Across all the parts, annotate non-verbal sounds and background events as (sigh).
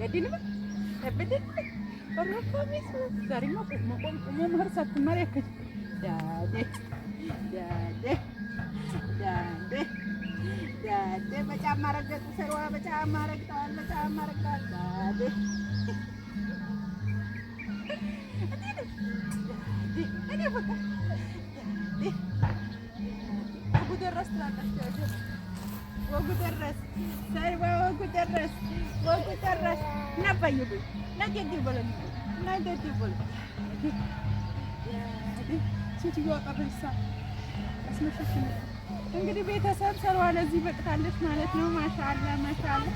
jadi jadi, ma tabbate barnootamis gaarii jadi jadi jadi jadi jadi akka daadee jadi daadee daadee በጫማ ረገጡ ሰርዋ በጫማ jadi jadi jadi apa jadi aku daadee ጉደረስ terus ወጉ ደረስ ሰርባ ወጉ ደረስ ወጉ ደረስ ነባዩ ብ ነጌድ ይበለ ነጌድ ይበለ ሴትዮዋ ቀረሳ አስመሸሽ እንግዲህ ቤተሰብ ሰርዋ ለዚህ በቅታለች ማለት ነው። ማሻአላ ማሻአላ።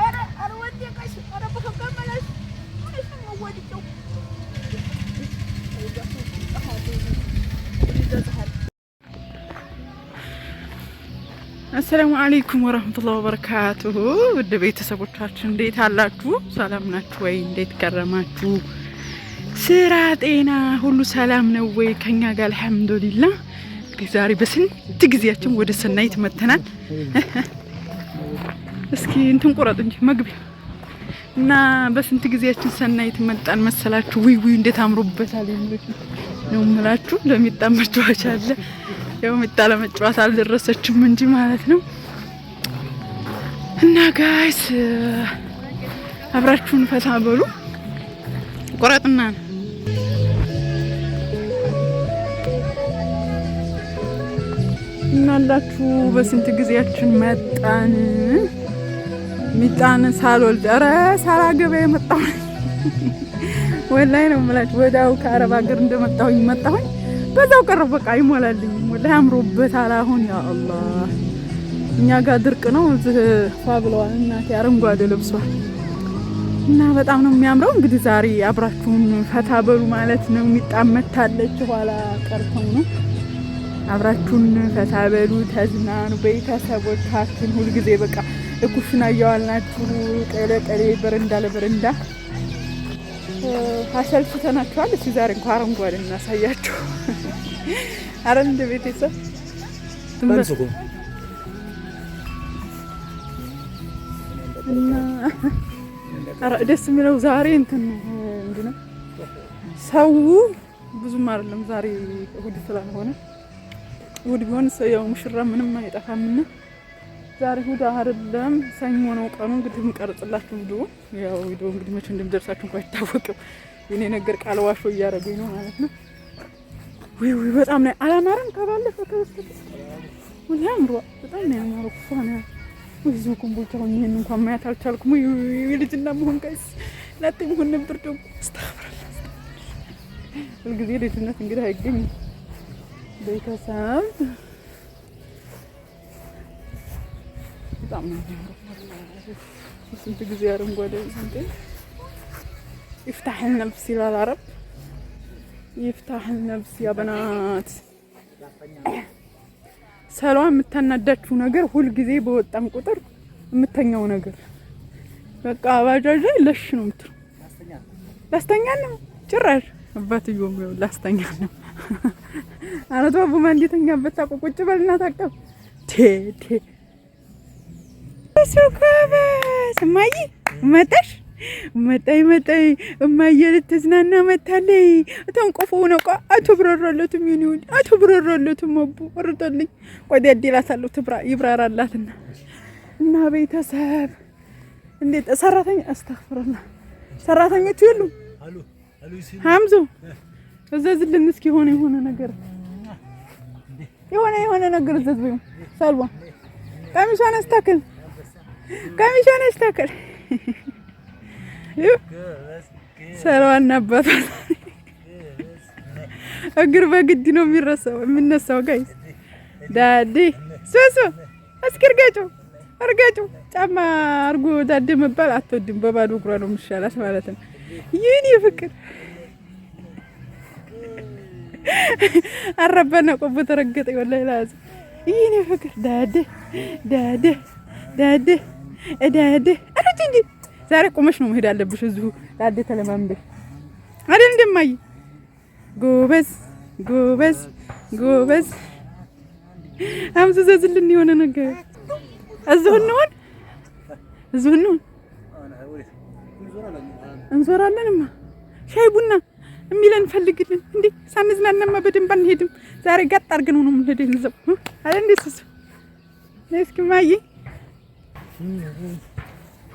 ኧረ ኧረ ወደቀሽ! ኧረ በከመለሽ ምንሽ ወድቀው አሰላሙ አለይኩም ወረህመቱላሂ ወበረካቱሁ ውድ ቤተሰቦቻችን እንዴት አላችሁ? ሰላም ናችሁ ወይ? እንዴት ከረማችሁ? ስራ፣ ጤና ሁሉ ሰላም ነው ወይ? ከኛ ጋር አልሐምዱሊላ። እንግዲህ ዛሬ በስንት ጊዜያችን ወደ ሰናይት መተናል። (laughs) እስኪ እንትን ቁረጥ እንጂ መግቢያ እና በስንት ጊዜያችን ሰናይት መጣን መሰላችሁ? ውይ ውይ እንዴት አምሮበታል ነው የምላችሁ። ለሚጣመር ጨዋታ አለ ያው ሚጣ ለመጫወት አልደረሰችም እንጂ ማለት ነው። እና ጋይስ አብራችሁን ፈታ በሉ ቁረጥና ነው እናላችሁ በስንት ጊዜያችን መጣን። ሚጣን ሳልወልድ ኧረ ሳላገባ የመጣሁኝ (laughs) ወላሂ ነው የምላችሁ። ወዲያው ከአረብ ሀገር እንደመጣሁኝ መጣሁኝ በዛው ቀረው። በቃ ይሞላልኝ። ወላሂ አምሮበታል። አሁን ያ አላህ እኛ ጋር ድርቅ ነው። እዚህ ፋ ብለዋል። እናቴ አረንጓዴ ለብሷል እና በጣም ነው የሚያምረው። እንግዲህ ዛሬ አብራችሁን ፈታ በሉ ማለት ነው። የሚጣመታለች ኋላ ቀርተው ነው። አብራችሁን ፈታ በሉ፣ ተዝናኑ ቤተሰቦቻችን። ሁልጊዜ በቃ እኩሽና እያዋልናችሁ ቀለ ቀለ በረንዳ ለበረንዳ አሰልችተናችኋል። እስኪ ዛሬ እንኳ አረንጓዴ እናሳያችሁ። አረ እንደ ቤተሰብ ደስ የሚለው ዛሬ እንትን ምንድን ነው ሰው ብዙም አይደለም ዛሬ እሑድ ስላልሆነ እሑድ ቢሆን ያው ሙሽራ ምንም አይጠፋምና ዛሬ እሑድ አይደለም ሰኞ ነው ቀኑ እንግዲህ የምቀርጽላችሁ ቪዲዮ ያው ቪዲዮ እንግዲህ መቼ እንደሚደርሳችሁ እንኳ አይታወቅም የኔ ነገር ቃል ዋሾ እያደረጉኝ ነው ማለት ነው ወይ በጣም ነው አላማረም። ከባለፈው ከበስተቀር በጣም ነው ያማረው እኮ ነው። ወይ እዚሁ ይሄን እንኳን ማየት አልቻልኩም። ልጅና መሆን ጋይስ ናቴ መሆን ነበር ደግሞ ሁልጊዜ ልጅነት እንግዲህ አይገኝም። ቤተሰብ በጣም ነው ያማረው። ስንት ጊዜ አረንጓዴ ስንት ይፍታህ ይላል አረብ ይፍታህል ነፍስ ያበናት ሰሏ የምታናዳችው ነገር ሁልጊዜ በወጣም ቁጥር የምተኛው ነገር በቃ ባጃጅ ለሽ ነው የምትለው። ላስተኛ ነው ጭራሽ አባትዮም ላስተኛ ነው አረቷ ቡማ እንዴተኛበት ታቆ ቁጭ በልና ታቀብ ቴቴ ሱኮበ ስማይ መጠሽ መጣይ መጣይ እማዬ ልትዝናና መታለይ። ተንቆፎ ነው ቋ አቶ ብረራለትም ይሁን አቶ ብረራለትም አቡ ወርጦልኝ ቆዲ አዲላታለሁ ትብራ ይብራራላትና እና ቤተሰብ እንዴት ሰራተኛ አስተፍረና ሰራተኞቹ ሁሉ ሀምዞ እዘዝልን እስኪ የሆነ የሆነ ነገር የሆነ የሆነ ነገር እዘዝ በይው። ሰልዋ ቀሚሷን አስተካክል፣ ቀሚሷን አስተካክል ሰራዋና አባቷ እግር በግድ ነው የሚረሳው የሚነሳው። ጋይስ ዳዲ ሱሱ እስኪ እርገጩ ጫማ አርጎ ዳዴ መባል አትወድም። በባዶ እግሯ ነው የምሻላት ማለት ነው። ይህን ፍቅር አረባና ቆቦ ተረገጠ። ወላሂ ላዝ ይህን ፍቅር ዳዲ ዳዲ ዳዲ ዳዲ ረጭ እንጂ ዛሬ ቁመሽ ነው መሄድ አለብሽ። እዚሁ ላደ ተለማምደሽ አይደል እንደማይ ጎበዝ ጎበዝ ጎበዝ አምዝ ዘዝልን የሆነ ነገር እዚሁ እንሆን እዚሁ እንሆን እንዞራለንማ ሻይ ቡና የሚለን ፈልግልን እንዴ ሳንዝናናማ በደንብ አንሄድም። ዛሬ ጋጥ አድርገን ነው የምንሄድ እንዘው አይደል እንዴ ስስ እስኪ ማዬ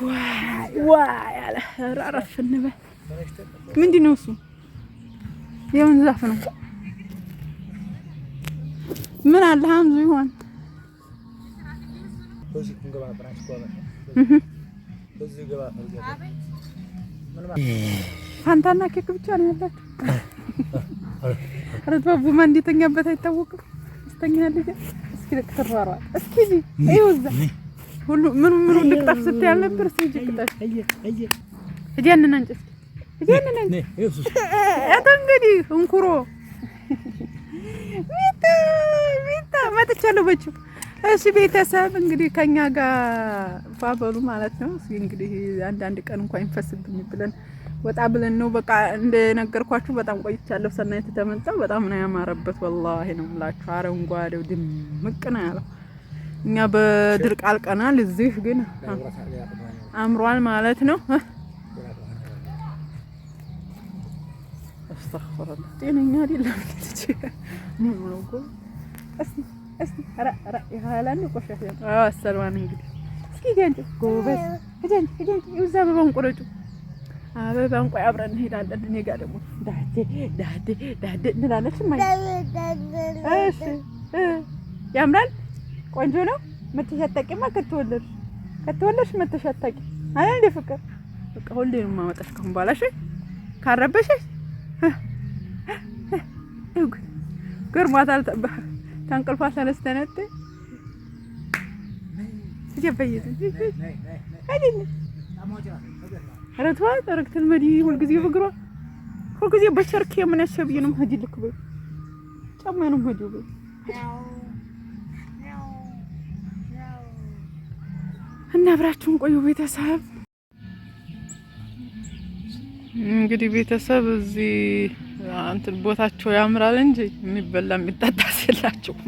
ዋይ አለ። ኧረ አረፍ እንበል። ምንድን ነው እሱ? የምን ዛፍ ነው? ምን አለ ሀምዙ ይሆን ፋንታና ኬክ ብቻ ነው ያላችሁ። ኧረ ተወው ማን እንደተኛበት አይታወቅም። እስኪ ልቅ ትሯሯጥ እስኪ እዚህ ይኸው እዛ ሁሉ ምኑ ምኑ ልቅጠፍ ስትይ አልነበር? እስኪ ቅጠፍ፣ ሂጂ ያንን አንጭ፣ እስኪ ሂጂ ያንን አንጭ። እህት እንግዲህ እንኩሮ ሚታ ሚታ መጥቻለሁ በችው። እሺ ቤተሰብ እንግዲህ ከኛ ጋር ፏበሉ ማለት ነው። እስኪ እንግዲህ አንዳንድ ቀን እንኳን ይንፈስብኝ ብለን ወጣ ብለን ነው። በቃ እንደነገርኳችሁ በጣም ቆይቻለሁ። ሰናይት ተመጣ በጣም ነው ያማረበት። ወላሂ ነው የምላችሁ። አረንጓዴው ድምቅ ነው ያለው። እኛ በድርቅ አልቀናል። እዚህ ግን አምሯል ማለት ነው። አስተፈረን ጤነኛ አይደለም። አበባን ቆይ አብረን እንሄዳለን። እኔ ጋር ደግሞ ዳዴ ዳዴ ዳዴ እንላለች። እሺ ያምራል ቆንጆ ነው። የምትሸተቂማ ከተወለድሽ ከተወለድሽ የምትሸተቂ አለ እንደ ፍቅር በቃ ሁሌ ነው የማመጣሽ ከአሁን በኋላ እሺ። ካረበሽሽ ገርሟታል። ተንቅልፏ ተነስተነት ትጀበየት አይደል ረቷ ተረክተን መዲ ሁልጊዜ በግሯ ሁልጊዜ በሸርክ የምነሸብየንም ሀጂ ልክ በይ ጫማ ነው ሀጂ በይ እና አብራችሁን ቆዩ ቤተሰብ። እንግዲህ ቤተሰብ እዚህ እንትን ቦታቸው ያምራል እንጂ የሚበላ የሚጠጣ (laughs) የላቸውም።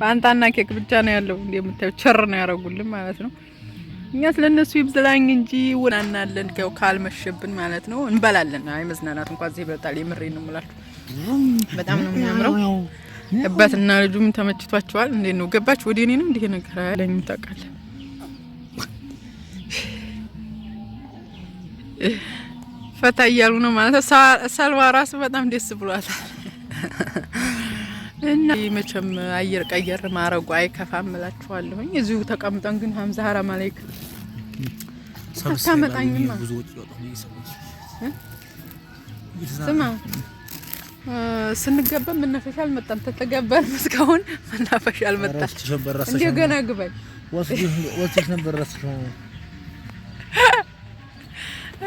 ፋንታና ኬክ ብቻ ነው ያለው። እንዴ እንደምታዩ ቸር ነው ያደረጉልን ማለት ነው። እኛ ስለነሱ ይብዝላኝ እንጂ ውናናለን ያው ካልመሸብን ማለት ነው እንበላለን። አይ መዝናናት እንኳን እዚህ ይበልጣል። የምሬ ነው የምላችሁ፣ በጣም ነው የሚያምረው። አባትና ልጁም ተመችቷቸዋል። እንዴት ነው ገባች ወደ እኔ ነው እንዲህ ነገር አለኝ ታውቃለህ ፈታ እያሉ ነው ማለት ነው። ሳልዋ ራሱ በጣም ደስ ብሏታል። እና መቼም አየር ቀየር ማረጉ አይከፋም እላችኋለሁኝ። እዚሁ ተቀምጠን ግን ሀምዛ ሀራም አለይክ ስማ ስንገባ መናፈሻ አልመጣም። ተተገባል እስካሁን መናፈሻ አልመጣም። እንደገና ግባኝ ወስጅ ነበር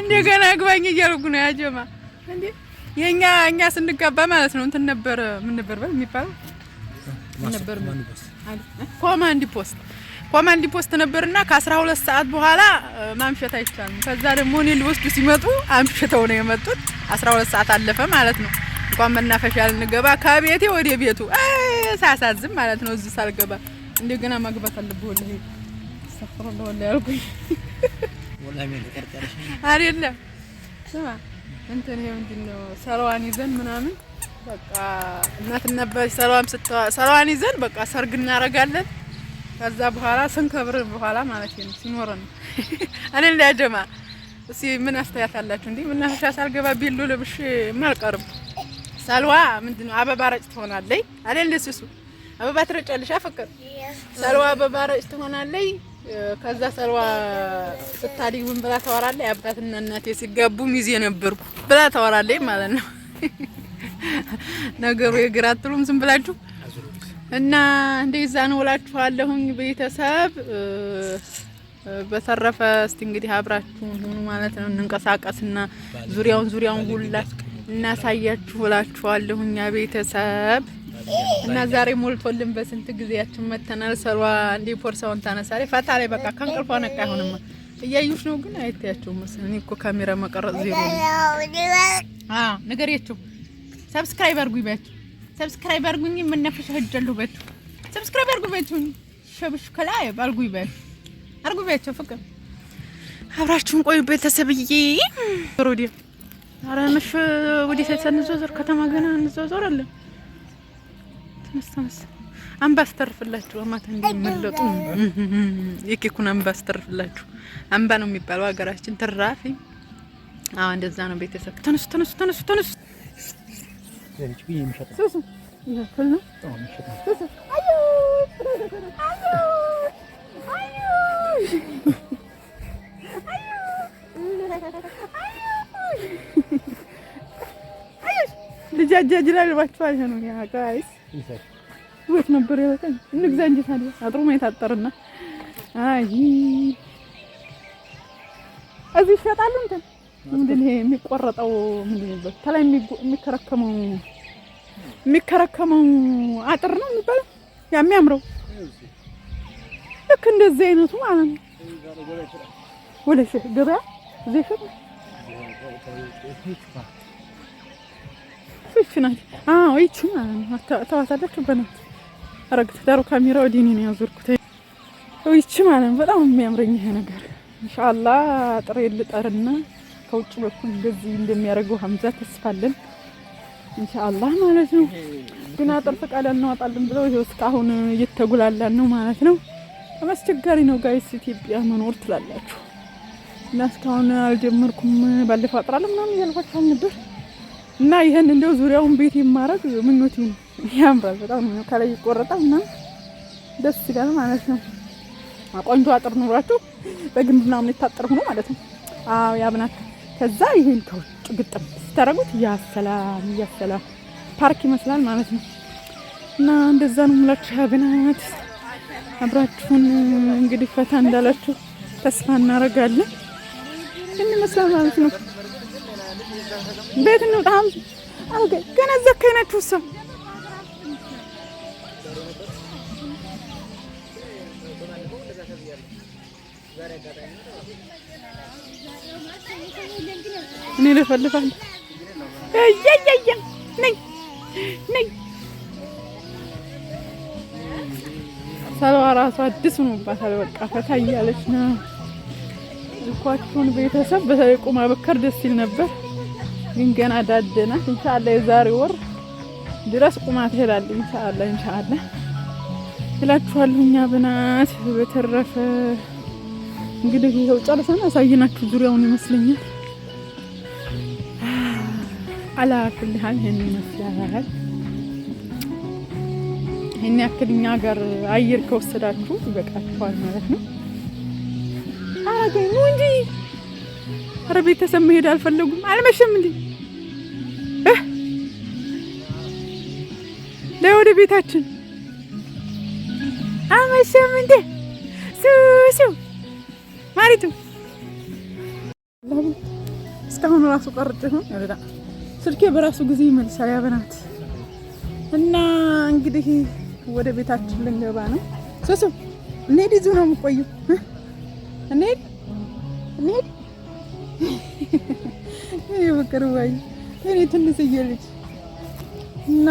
እንደገና አግባኝ እያልኩ ነው ያጀማ እንዴ የኛ እኛ ስንጋባ ማለት ነው እንትን ነበር ምን ነበር በል የሚባለው ነበር ኮማንድ ፖስት ኮማንድ ፖስት ነበርና ከአስራ ሁለት ሰዓት በኋላ ማምሸት አይቻልም። ከዛ ደግሞ እኔ ሊወስዱ ሲመጡ አምሽተው ነው የመጡት። አስራ ሁለት ሰዓት አለፈ ማለት ነው። እንኳን መናፈሻ ልንገባ ከቤቴ ወደ ቤቱ ሳሳዝም ማለት ነው። እዚህ ሳልገባ እንደገና ማግባት አለብህ ወላሂ፣ ሰፈር ወላሂ አልኩኝ። አይደለም ስማ እንትን ይሄ ምንድን ነው ሰራዋን ይዘን ምናምን በቃ እናት ነበር ሰራዋን ስትዋ ሰራዋን ይዘን በቃ ሰርግ እናደርጋለን። ከዛ በኋላ ስንከብር በኋላ ማለት ነው ሲኖር ነው ያጀማ (laughs) እስኪ ምን አስተያየት አላችሁ? እንዴ መናፈሻ ሳልገባ ቢሉ ልብሽ ማልቀርም ሰልዋ ምንድን ነው አበባ ረጭ ትሆናለች አይደል? እሱ አበባ ትረጫለሽ። አፈቀር ሰልዋ አበባ ረጭ ትሆናለች። ከዛ ሰልዋ ስታድግ ምን ብላ ታወራለች? አባትና እናቴ ሲጋቡ ሚዜ ነበርኩ ብላ ታወራለች ማለት ነው። (laughs) ነገሩ የግራ አትሉም ዝም ብላችሁ እና እንደዛ ነው እላችኋለሁኝ ቤተሰብ። በተረፈ እስቲ እንግዲህ አብራችሁን ሁኑ ማለት ነው። እንንቀሳቀስና ዙሪያውን ዙሪያውን ሁላ እናሳያችሁ እላችኋለሁኝ ቤተሰብ። እና ዛሬ ሞልቶልን በስንት ጊዜያችን መተናል። ሰሯ እንዴ ፖርሳውን ታነሳሪ ፈታ ላይ በቃ ከእንቅልፏ ነቃ። አይሆንማ እያዩሽ ነው፣ ግን አይታያችሁም መሰለኝ። እኔ እኮ ካሜራ መቀረጽ ዜሮ አዎ፣ ንገሪያችሁ ሰብስክራይብ አድርጉኝ በያችሁ፣ ሰብስክራይብ አድርጉኝ፣ መናፈሻ ሄጃለሁ በያችሁ፣ ሰብስክራይብ አድርጉኝ በያችሁ፣ ሸብሽ ከላይ አድርጉኝ በያችሁ፣ አድርጉኝ በያችሁ። ፍቅር አብራችሁን ቆዩ ቤተሰብዬ። ሮዲ አራንሽ ወዲህ ሳይሰንዞ ዞር ከተማ ገና እንዞ ዞር አለ መስተመስ አምባስ ተርፍላችሁ አማት እንደሚመለጡ የኬኩን አምባስ ተርፍላችሁ አምባ ነው የሚባለው ሀገራችን። ትራፊ አዎ፣ እንደዛ ነው ቤተሰብ። ተነሱ ተነሱ ተነሱ ተነሱ። ልጃጃጅ ላይ ልባችኋል ነው ያ ጋይስ እቤት ነበር ያበቃኝ። እንግዛ እንጂ ታዲያ አጥሩ ማየት አጠርና አይ እዚህ ይሸጣሉ። እንትን ምንድን ይሄ የሚቆረጠው ምንድን ይባል ተላይ የሚከረከመው የሚከረከመው አጥር ነው የሚባለው ያ የሚያምረው ልክ እንደዚህ አይነቱ ማለት ነው። ወደ ገበያ እዚህ ይሸጥ እፍ ናት። አዎ ይቺ ማለት ነው። ተዋታለች በናት አረግ ዳሩ ካሜራ ወደ እኔ ነው ያዞርኩት። ይቺ ማለት ነው። በጣም የሚያምረኝ ይሄ ነገር ኢንሻአላ ጥሬ ልጠርና ከውጭ በኩል እንደዚህ እንደሚያደርገው ሀምዛ ተስፋለን ኢንሻአላ ማለት ነው። ግን አጥር ፈቃድ እናወጣለን ብለው ይኸው እስካሁን እየተጉላላን ነው ማለት ነው። አስቸጋሪ ነው ጋይስ ኢትዮጵያ መኖር ትላላችሁ እና እስካሁን አልጀመርኩም። ባለፈው አጥራለሁ ምናምን እያልኳችሁ ነበር። እና ይህን እንደው ዙሪያውን ቤት የማረግ ምኞት ያምራል። በጣም ከላይ ይቆረጣል እና ደስ ይላል ማለት ነው። ቆንጆ አጥር ኑሯቸው በግንብ ምናምን የታጠር ሆኖ ማለት ነው። አዎ ያብናት። ከዛ ይህን ከውጭ ግጥም ስታደርጉት ያሰላም ያሰላም ፓርክ ይመስላል ማለት ነው። እና እንደዛ ነው የምላችሁ ያብናት። አብራችሁን እንግዲህ ፈታ እንዳላችሁ ተስፋ እናደርጋለን። ይህን ይመስላል ማለት ነው። ቤት እንውጣ። ገነዘብከኝ ነች ውሰው እኔ ልፈልፋለሁ። እየየየ ነኝ ነኝ ሰልዋ ራሱ አዲስ ሆኖባታል። በቃ ፈታ እያለች ነው። ልኳችሁን ቤተሰብ በተለይ ቁማ በከር ደስ ይል ነበር። ግን ገና ዳደናት። ኢንሻአላ የዛሬ ወር ድረስ ቁማ ትሄዳለች። ኢንሻአላ ኢንሻአላ እላችኋለሁ። እኛ ብናት በተረፈ እንግዲህ ይኸው ጨርሰን አሳየናችሁ። ዙሪያውን ይመስለኛል አላ ኩል ሀል ይሄን ይመስላል። ይሄን ያክል እኛ ጋር አየር ከወሰዳችሁ ይበቃችኋል ማለት ነው። አረገኝ ነው እንጂ አረ ቤተሰብ መሄድ አልፈለጉም። አልመሸም እንዴ? ቤታችን አመሸም እንዴ ሱሱ ማሪቱ እስካሁን ራሱ ቀርጭ ነው ስልኬ በራሱ ጊዜ ይመልሳል። ያበናት እና እንግዲህ ወደ ቤታችን ልንገባ ነው። ሱሱ እንሂድ። እዚሁ ነው የምቆየው። እንሂድ እንሂድ። ይህ ፍቅር ባይ እኔ ትንሽዬ ልጅ እና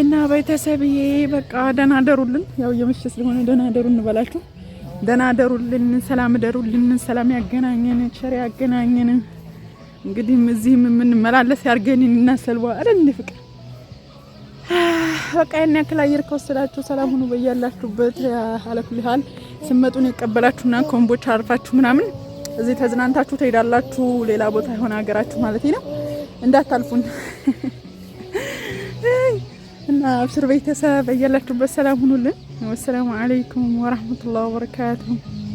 እና ቤተሰብዬ በቃ ደህና አደሩልን። ያው የመሸ ስለሆነ ደህና አደሩ እንበላችሁ። ደህና አደሩልን፣ ሰላም ደሩልን፣ ሰላም ያገናኘን፣ ቸር ያገናኘን። እንግዲህም እዚህም የምንመላለስ ያርገን እናሰልባ አይደል እንደ ፍቅር በቃ ያን ያክል አየር ከወሰዳችሁ ሰላም ሁኑ በያላችሁበት። አለኩልሃል ስመጡን የቀበላችሁና ኮምቦች አርፋችሁ ምናምን እዚህ ተዝናንታችሁ ትሄዳላችሁ። ሌላ ቦታ የሆነ ሀገራችሁ ማለት ነው። እንዳታልፉን أبشر بيتها سابع يلا بالسلام هنولن والسلام عليكم ورحمة الله وبركاته